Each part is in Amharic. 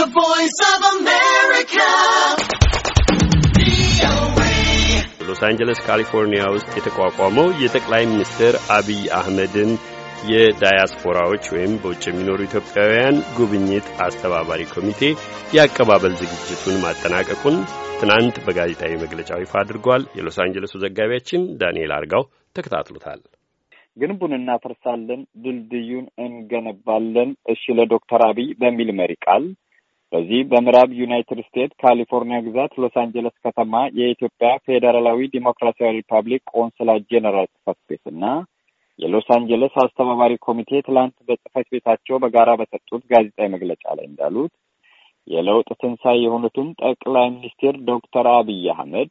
The Voice of America. ሎስ አንጀለስ ካሊፎርኒያ ውስጥ የተቋቋመው የጠቅላይ ሚኒስትር አብይ አህመድን የዳያስፖራዎች ወይም በውጭ የሚኖሩ ኢትዮጵያውያን ጉብኝት አስተባባሪ ኮሚቴ የአቀባበል ዝግጅቱን ማጠናቀቁን ትናንት በጋዜጣዊ መግለጫው ይፋ አድርጓል። የሎስ አንጀለሱ ዘጋቢያችን ዳንኤል አርጋው ተከታትሎታል። ግንቡን እናፈርሳለን፣ ድልድዩን እንገነባለን፣ እሺ ለዶክተር አብይ በሚል መሪ ቃል በዚህ በምዕራብ ዩናይትድ ስቴትስ ካሊፎርኒያ ግዛት ሎስ አንጀለስ ከተማ የኢትዮጵያ ፌዴራላዊ ዲሞክራሲያዊ ሪፐብሊክ ቆንስላ ጄኔራል ጽህፈት ቤት እና የሎስ አንጀለስ አስተባባሪ ኮሚቴ ትላንት በጽህፈት ቤታቸው በጋራ በሰጡት ጋዜጣዊ መግለጫ ላይ እንዳሉት የለውጥ ትንሣኤ የሆኑትን ጠቅላይ ሚኒስትር ዶክተር አብይ አህመድ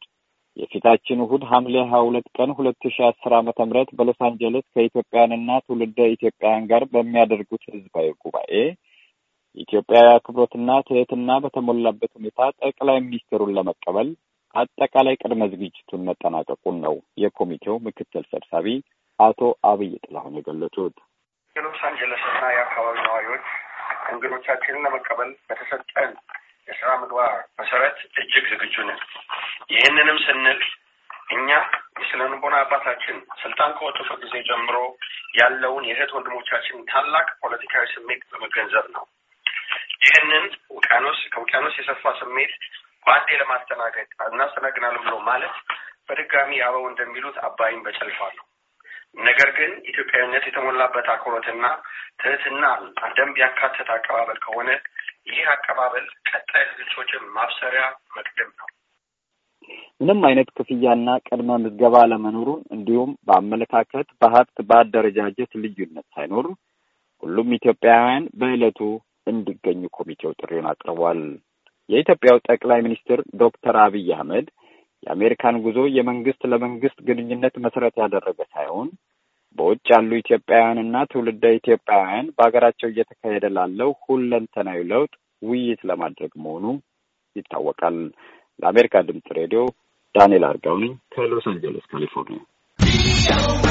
የፊታችን እሁድ ሐምሌ ሀያ ሁለት ቀን ሁለት ሺ አስር ዓመተ ምህረት በሎስ አንጀለስ ከኢትዮጵያውያንና ትውልደ ኢትዮጵያውያን ጋር በሚያደርጉት ህዝባዊ ጉባኤ ኢትዮጵያዊ አክብሮትና ትህትና በተሞላበት ሁኔታ ጠቅላይ ሚኒስትሩን ለመቀበል አጠቃላይ ቅድመ ዝግጅቱን መጠናቀቁን ነው የኮሚቴው ምክትል ሰብሳቢ አቶ አብይ ጥላሁን የገለጹት። የሎስ አንጀለስና የአካባቢ ነዋሪዎች እንግዶቻችንን ለመቀበል በተሰጠን የስራ ምግባር መሰረት እጅግ ዝግጁ ነን። ይህንንም ስንል እኛ የስነ ልቦና አባታችን ስልጣን ከወጡበት ጊዜ ጀምሮ ያለውን የእህት ወንድሞቻችን ታላቅ ፖለቲካዊ ስሜት በመገንዘብ ነው። ይህንን ውቅያኖስ ከውቅያኖስ የሰፋ ስሜት በአንዴ ለማስተናገድ እናስተናግናለን ብሎ ማለት በድጋሚ አበው እንደሚሉት አባይን በጨልፋሉ። ነገር ግን ኢትዮጵያዊነት የተሞላበት አክብሮትና ትህትና ደንብ ያካተተ አቀባበል ከሆነ ይህ አቀባበል ቀጣይ ዝግጅቶችን ማብሰሪያ መቅድም ነው። ምንም አይነት ክፍያና ቅድመ ምዝገባ አለመኖሩን እንዲሁም በአመለካከት፣ በሀብት፣ በአደረጃጀት ልዩነት ሳይኖር ሁሉም ኢትዮጵያውያን በዕለቱ እንዲገኙ ኮሚቴው ጥሪውን አቅርቧል። የኢትዮጵያው ጠቅላይ ሚኒስትር ዶክተር አብይ አህመድ የአሜሪካን ጉዞ የመንግስት ለመንግስት ግንኙነት መሰረት ያደረገ ሳይሆን በውጭ ያሉ ኢትዮጵያውያንና ትውልደ ኢትዮጵያውያን በሀገራቸው እየተካሄደ ላለው ሁለንተናዊ ለውጥ ውይይት ለማድረግ መሆኑ ይታወቃል። ለአሜሪካ ድምፅ ሬዲዮ ዳንኤል አርጋው ነኝ ከሎስ አንጀለስ ካሊፎርኒያ።